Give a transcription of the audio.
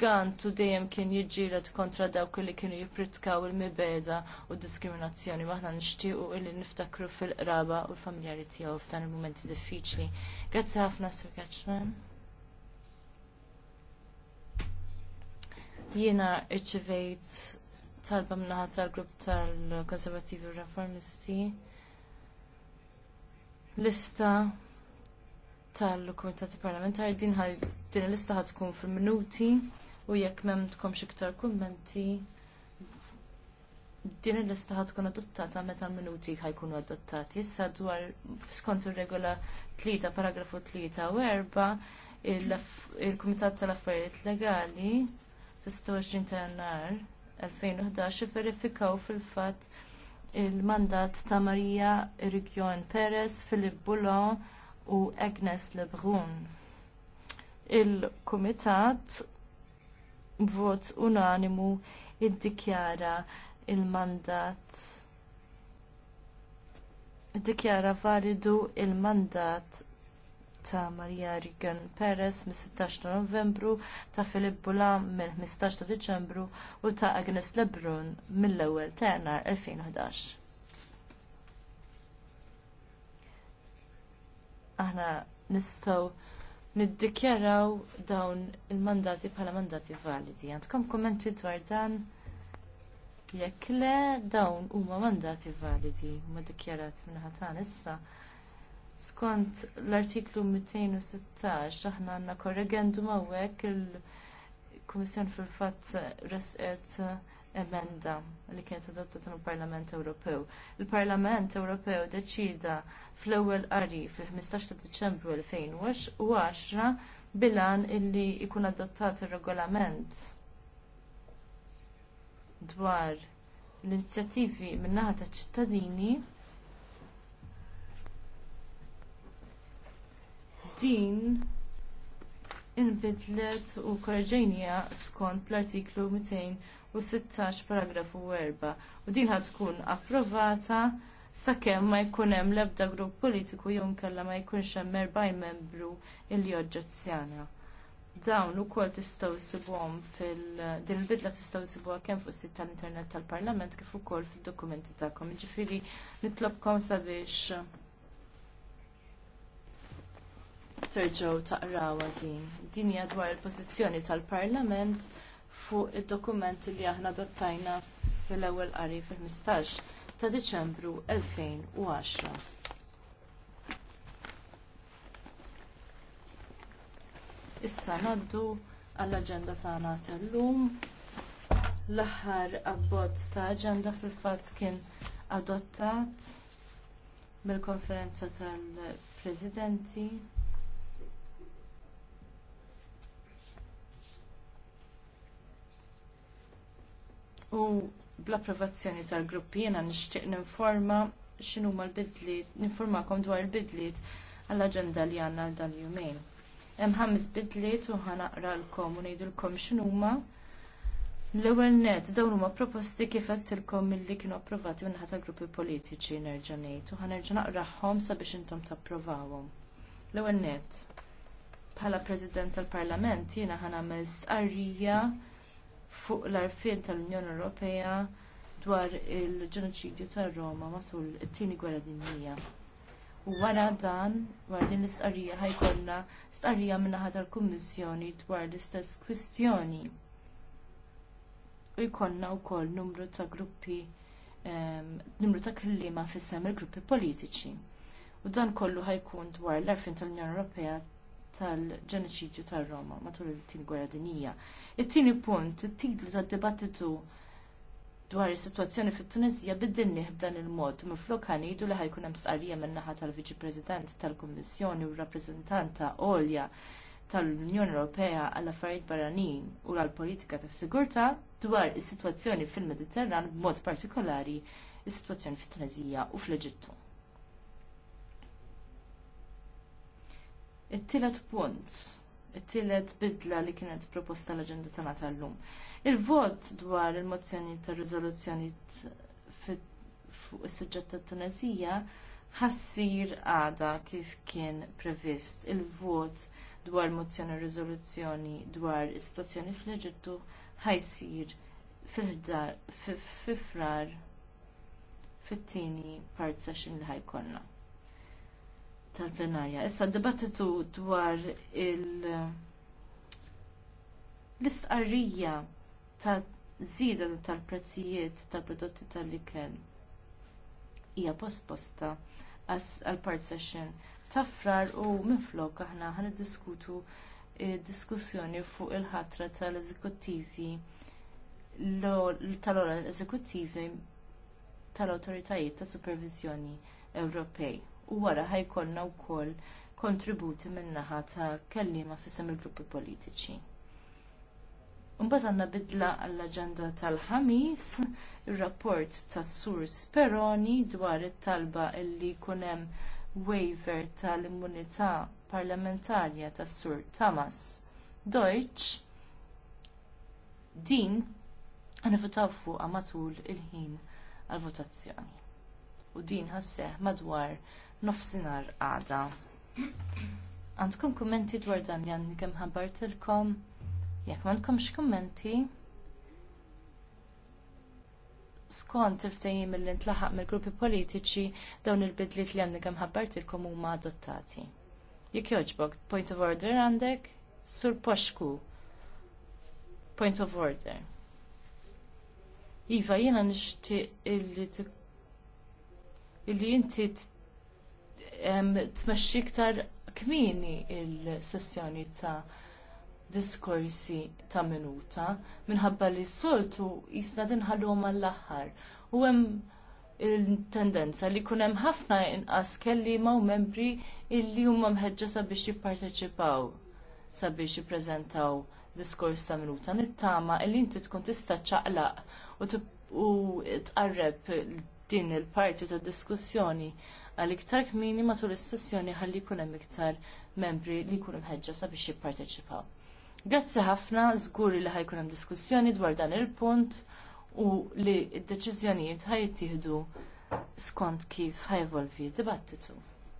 ġgantu dejjem kien jiġġieled kontra dawk li kienu jippritkaw il-mibeda u diskriminazzjoni maħna nixtiequ illi niftakru fil-qraba u l-familjari tiegħu f'dan il-mumenti diffiċli. Grazzi ħafna Sir Kaczman. Jiena irċivejt talba mnaħat tal-grupp tal-Konservativi u Reformisti lista tal-Kumitati Parlamentari din il lista ħad tkun fil-minuti u jekk m'hemmx iktar kummenti din il-lista tkun adottata meta l-minuti ħajkunu adottati. Issa dwar skont ir-regola 3 paragrafu 3 u 4 il-Kumitat tal-Affarijiet Legali fis-26 ta' jannar 2011 verifikaw fil-fatt il-mandat ta' Marija Rikjon Perez, Filip Boulon u Agnes Lebrun. Il-Kumitat vot unanimu iddikjara il-mandat iddikjara validu il-mandat ta' Marija Rigan Perez mis-16 ta' Novembru, ta' Filip Bula mill-15 ta' Diċembru u ta' Agnes Lebrun mill-ewwel ta' Jannar 2011. Aħna nistgħu niddikjaraw dawn il-mandati bħala mandati validi. Għandkom kommenti dwar dan jekk le dawn huma mandati validi huma dikjarati minn ħatan issa. Skont l-artiklu 216 aħna għandna korregendum hawnhekk il-Kummissjoni fil-fatt resqet emenda li kienet adotta mill parlament Ewropew. Il-Parlament Ewropew deċida fl-ewwel qari fil-15 ta' Diċembru 2010 bilan illi jkun adottat ir-regolament dwar l-inizjattivi min-naħa taċ ċittadini din inbidlet u korġenja skont l-artiklu 200 u 16 paragrafu 4 u din ħad tkun approvata sakemm ma jkun hemm l-ebda grupp politiku jew inkella ma jkunx hemm 40 membru li oġġezzjana. Dawn ukoll tistgħu jsibuhom fil din il-bidla tistgħu sibuha kemm fuq sit tal-Internet tal-Parlament kif ukoll fid-dokumenti tagħkom. Jiġifieri nitlobkom sabiex terġgħu taqrawha din. Din hija dwar il-pożizzjoni tal-Parlament fuq id-dokument li aħna dottajna fil-ewwel qari fil-15 ta' Diċembru 2010. Issa ngħaddu għall-aġenda tagħna tal-lum. L-aħħar abbozz ta' aġenda fil-fatt kien adottat mill-konferenza tal-Presidenti u bl-approvazzjoni tal-gruppi jiena nixtieq ninforma ma l-bidliet, ninformakom dwar il-bidliet għall-aġenda li għandna għal dan jumejn. Hemm ħames bidliet u l-kom u ngħidulkom x'inhuma. L-ewwel net dawn huma proposti kif qed ilkom milli kienu approvati minn ħata gruppi politiċi nerġa' ngħid u ħanerġa' naqraħħom sabiex intom tapprovawhom. L-ewwel net bħala President tal-Parlament jiena ħanamel stqarrija fuq l arfien tal-Unjoni Ewropea dwar il-ġenoċidju tar Roma matul it-tieni gwerra dinjija. U wara dan, wara din l-istqarrija ħajkollna stqarrija min-naħa tal-Kummissjoni dwar l-istess kwistjoni. U jkollna wkoll numru ta' gruppi numru ta' kelliema fis-sem il-gruppi politiċi. U dan kollu ħajkun dwar l arfien tal-Unjoni Ewropea tal-ġenoċidju tar-Roma matul it-tieni gwerra dinija. It-tieni punt, it-titlu tad-dibattitu dwar is-sitwazzjoni fit-Tunisja bidilni b'dan il-mod miflok ħanidu li ħajkun hemm stqarrija min-naħa tal-Viċi President tal-Kummissjoni u rappreżentanta għolja tal-Unjoni Ewropea għall affarijiet barranin u għall politika tas-sigurtà dwar is-sitwazzjoni fil-Mediterran b'mod partikolari is-sitwazzjoni fit-Tunisija u fl-Eġittu. It-tielet punt, it-tielet bidla li kienet proposta l-aġenda tagħna tal-lum. Il-vot dwar il-mozzjoni tar riżoluzzjoni fuq is-suġġett tat-Tunezija ħassir għada kif kien previst il-vot dwar mozzjoni riżoluzzjoni dwar is-sitwazzjoni fl-Eġittu ħajsir fil-ħdar fifrar fit-tieni part session li ħajkollna tal-plenarja. Issa dibattitu dwar l-istqarrija ta' zida tal-prezzijiet tal-prodotti tal-ikel hija postposta għal part session ta' frar u minflok aħna ħan diskutu eh, diskussjoni fuq il-ħatra tal-eżekuttivi tal-ora eżekuttivi tal-autoritajiet ta' supervizjoni Ewropej u wara ħajkonna wkoll kontributi min-naħa ta' kelliema f'isem il-gruppi politiċi. Imbagħad għandna bidla għall-aġenda tal-ħamis, ir-rapport tas Sur Speroni dwar it-talba illi jkun hemm waiver tal-immunità parlamentarja tas Sur Tamas Deutsch din għanifutaw fuqha matul il-ħin għall votazzjoni U din ħasseħ madwar nofsinhar għada. Għandkom kummenti dwar dan li għandni kemm ħabartilkom? Jekk m'għandkomx kummenti, skont il-ftehim li ntlaħaq mill-gruppi politiċi dawn il-bidliet li għandi kemm ħabbartilkom huma adottati. Jekk jogħġbok, point of order għandek, sur poxku. Point of order. Iva, jiena nixtieq illi illi inti tmexxi iktar kmieni il-sessjoni ta' diskorsi ta' minuta minħabba li s-soltu jisna tinħallhom għall-aħħar. U hemm il-tendenza li jkun hemm ħafna inqas kelliema u membri illi huma mħeġġa sabiex jipparteċipaw sabiex jippreżentaw diskors ta' minuta nittama illi inti tkun tista' ċaqlaq u tqarreb din il-parti tad diskussjoni għal iktar kmieni matul is-sessjoni ħalli jkun hemm iktar membri li jkunu mħeġġa sabiex jipparteċipaw. Grazzi ħafna, żguri li ħajkun hemm diskussjoni dwar dan il-punt u li d-deċiżjonijiet ħajjittieħdu skont kif ħajvolvi d-dibattitu.